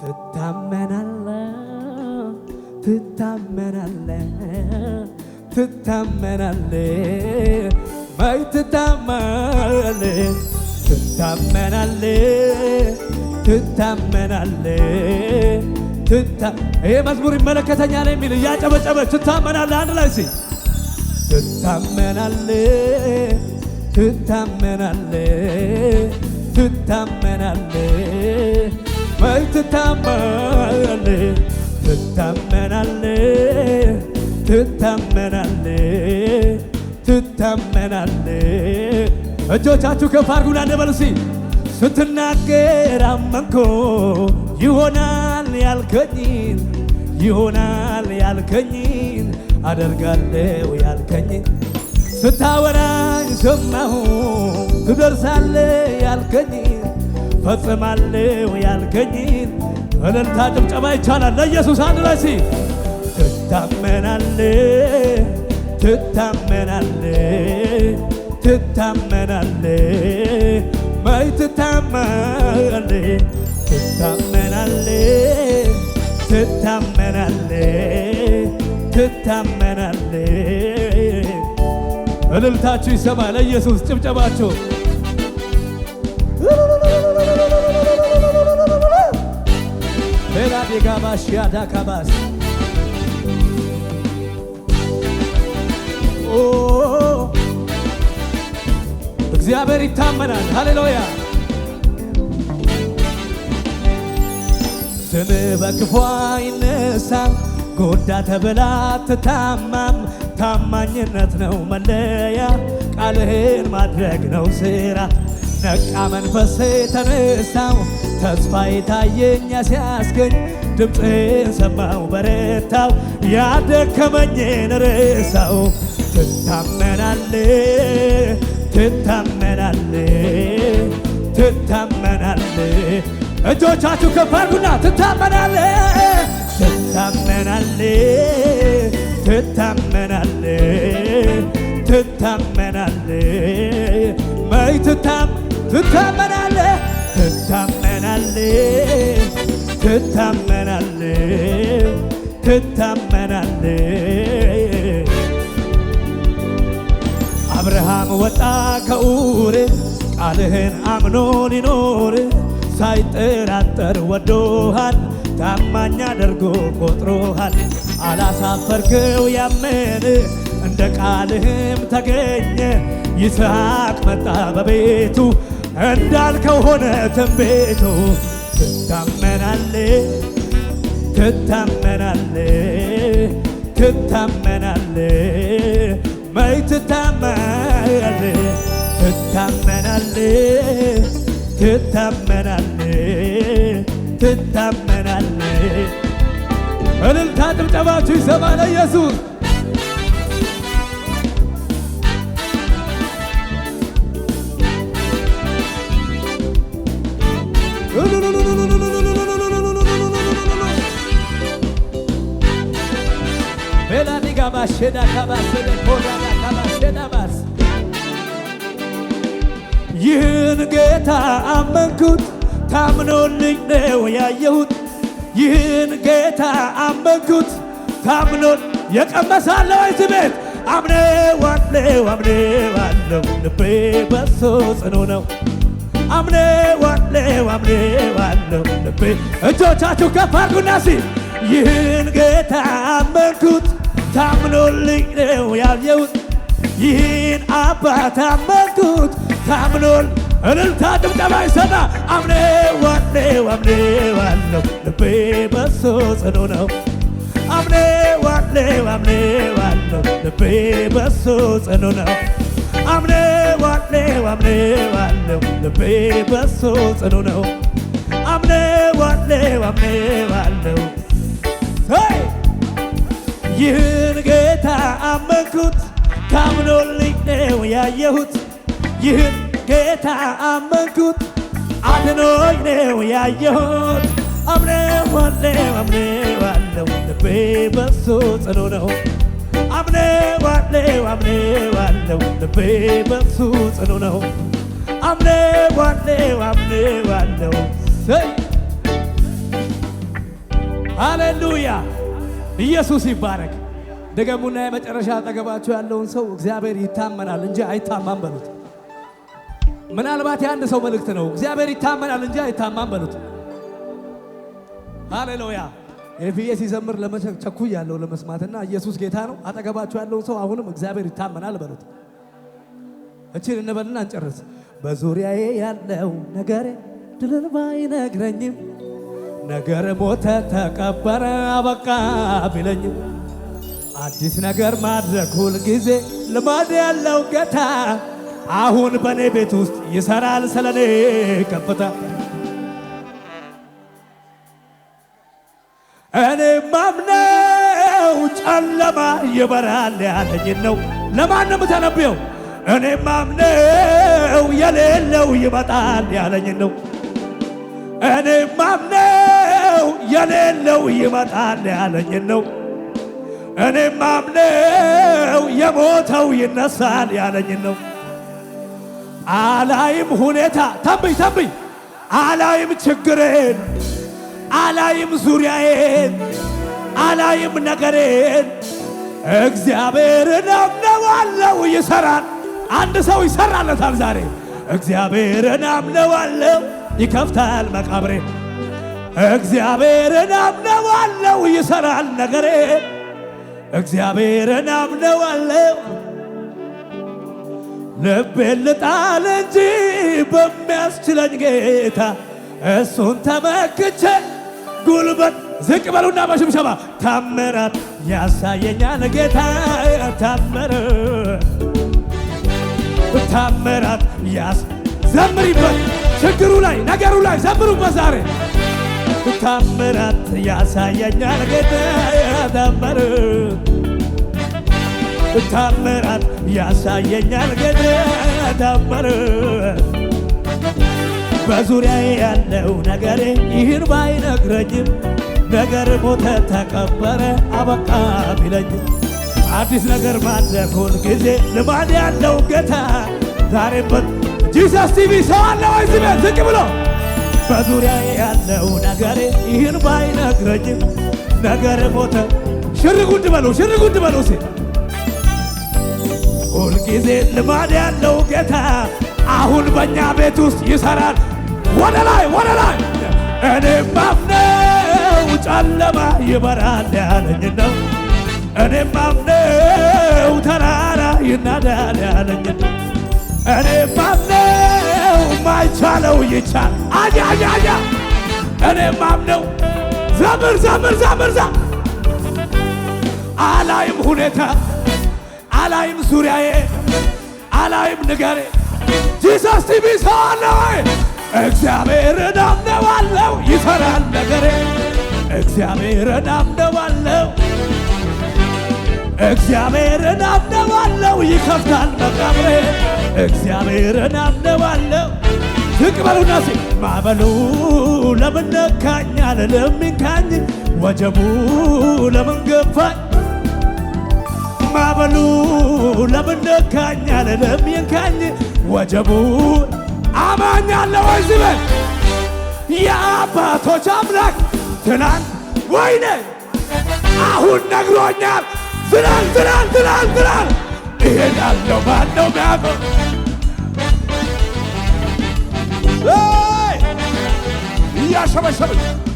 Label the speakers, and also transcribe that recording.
Speaker 1: ትታመናለ ትታመናለ ትታመናለ ትታመናለ ትታመናለ ትታመናለ ይሄ መዝሙር ይመለከተኛል የሚል እያጨበጨበ ትታመናለ አንድ ላይ ሲ ትታመናለ ትታመናለ ትታመናለ መል ትታመናለ ትታመናለ ትታመናለ ትታመናለ እጆቻችሁ ከፍ አድርጉና ነበልሲ ስትናገር አመንኮ ይሆናል ያልከኝን ይሆናል ያልከኝን አደርጋለሁ ያልከኝን ስታወራኝ ሰማሁ ትደርሳለህ ያልከኝን ፈጽማለሁ ያልከኝን እልልታ ጭብጨባ ይቻላል ለኢየሱስ አንድ ላይ ሲ ትታመናለ ትታመናለ ትታመናለ ማይ ትታመናለ ትታመናለ ትታመናለ ትታመናለ እልልታችሁ ይሰማል ለኢየሱስ ጭብጨባችሁ ላዴጋባሽ ያዳካባስ oh. እግዚአብሔር ይታመናል። ሃሌሉያ ስም በክፉ ይነሳል። ጎዳ ተብላ ትታማም ታማኝነት ነው መለያ ቃልህን ማድረግ ነው ስራ ነቃ መንፈሴ ተነሳው ተስፋ ታየኛ ሲያስገኝ ድምፅህን ሰማው በረታው ያደከመኝን ረሳው ትታመናል ትታመናል ትታመናል እጆቻችሁ ከፍ ትታመናል ትታመናል ትታመናል ትታመናል መይ ትታመ ትታመናለ ትታመናለ ትታመናለ ትታመናለ አብርሃም ወጣ ከኡር ቃልህን አምኖ ሊኖር ሳይጠራጠር ወዶሃል ታማኝ አድርጎ ቆጥሮሃል። አላሳፈርክው ያመን እንደ ቃልህም ተገኘ። ይስሐቅ መጣ በቤቱ እንዳልከው ሆነ ትንቢቱ ትታመናል ትታመናል ትታመናል መይ ትታመናል ትታመናል ትታመናል ትታመናል እልልታ ጭብጨባችሁ ይሰማል ኢየሱስ ካባሸዳ ካባሰደ ኮራዳ ባስ ይህን ጌታ አመንኩት ታምኖልኝ ነው ያየሁት። ይህን ጌታ አመንኩት ታምኖ የቀመሳለው አይት ቤት አምነዋለው አምነዋለው ልቤ በሶ ጽኑ ነው። አምነዋለው አምነዋለው ልቤ እጆቻችሁ ከፍ አድርጉና ሲል ይህን ጌታ አመንኩት ታምኖልኝ ነው ያየሁት ይህን አባት አመንኩት ታምኖል እልልታ ድብጨባ ይሰማ አምኔዋኔ አምኔዋለሁ ልቤ በሶ ጽኑ ነው አምኔዋኔ አምኔዋለሁ ልቤ በሶ ጽኑ ነው አምኔዋኔ አምኔዋለሁ ልቤ በሶ ጽኑ ነው አምኔዋኔ አምኔዋለሁ ያየሁት ይህን ጌታ አመንኩት አድኖኝ ነው ያየሁት አምነዋለው አምነዋለው ልቤ በሱ ጽኑ ነው አምነዋለው አምነዋለው ልቤ በሱ ጽኑ ነው አምነዋለው አምነዋለው ሃሌሉያ ኢየሱስ ይባረክ። ደገሙና የመጨረሻ አጠገባቸው ያለውን ሰው እግዚአብሔር ይታመናል እንጂ አይታማም በሉት። ምናልባት የአንድ ሰው መልእክት ነው። እግዚአብሔር ይታመናል እንጂ አይታማም በሉት። ሃሌሉያ። የፍዬ ሲዘምር ለመቸኩ ያለው ለመስማትና ኢየሱስ ጌታ ነው። አጠገባቸው ያለውን ሰው አሁንም እግዚአብሔር ይታመናል በሉት። እችን እንበልና እንጨርስ። በዙሪያዬ ያለው ነገር ድልን ባይነግረኝም ነገር ሞተ ተቀበረ አበቃ ቢለኝም አዲስ ነገር ማድረግ ሁል ጊዜ ልማድ ያለው ጌታ አሁን በእኔ ቤት ውስጥ ይሰራል ስለኔ ከፍታ እኔ ማምነው ጨለማ ይበራል ያለኝን ነው። ለማን ነው የምተነብየው? እኔ ማምነው የሌለው ይመጣል ያለኝን ነው። እኔ ማምነው የሌለው ይመጣል ያለኝን ነው። እኔ አምነው የሞተው ይነሳል ያለኝን ነው። አላይም ሁኔታ ተንብይ ተንብይ አላይም ችግሬን፣ አላይም ዙሪያዬን፣ አላይም ነገሬን እግዚአብሔርን አምነዋለው ይሰራል። አንድ ሰው ይሰራለታል ዛሬ። እግዚአብሔርን አምነዋለው ይከፍታል መቃብሬ። እግዚአብሔርን አምነዋለው ይሰራል ነገሬ እግዚአብሔርን አምነዋለሁ ልቤን ልጣል እንጂ በሚያስችለኝ ጌታ እሱን ተመክቼ ጉልበት ዝቅ በሉና በሽብሸባ ታምራት ያሳየኛል ጌታ ታምር ታምራት ያስ ዘምሪበት ችግሩ ላይ ነገሩ ላይ ዘምሩበት ዛሬ ታምራት ያሳየኛል ጌታ ታምር ታምራት ያሳየኛል ጌታ ታምር በዙሪያዬ ያለው ነገሬ ይህን ባይነግረኝም ነገር ሞተ ተቀበረ አበቃ ቢለኝ አዲስ ነገር ማድረጉን ጊዜ ልማድ ያለው ጌታ ዛሬበት ጂሰስ ቲቪ ሰው አለ ወይ ዝቅ ብሎ በዙሪያ ያለው ነገር ይህን ባይነግረኝም ነገር ሞተ። ሽር ጉድ ሽር ጉድ ሴ ሁልጊዜ ልማድ ያለው ጌታ አሁን በእኛ ቤት ውስጥ ይሰራል ወደ ላይ ወደ ላይ እኔ ማምነው ጨለማ ይበራል ያለኝ ነው። እኔ ማምነው ተራራ ይናዳል ያለኝ ነው። እኔ ማምነው ማይቻለው ይቻል አያ አያ እኔ ማምነው ዘምር ዘምር ዘምር አላይም ሁኔታ አላይም ዙሪያዬ አላይም ንገሬ ጂሰስ ቲቪ ይሰራል ነገሬ እግዚአብሔርን አምነዋለው እግዚአብሔርን አምነዋለው ይከፍታል መቃብሬ እግዚአብሔርን ትቅበሉና ሴ ማዕበሉ ለምን ነካኛል ለሚንካኝ ወጀቡ ለምን ገፋኝ ማዕበሉ ለምን ነካኛል ለሚንካኝ ወጀቡ አማኛለሁ ወይ ዝበል የአባቶች አምላክ ትናንት ወይኔ አሁን ነግሮኛል ትናንት ትናንት ትናንት ትናንት ይሄዳለው ማነው ሚያቆ እያሸበሸብን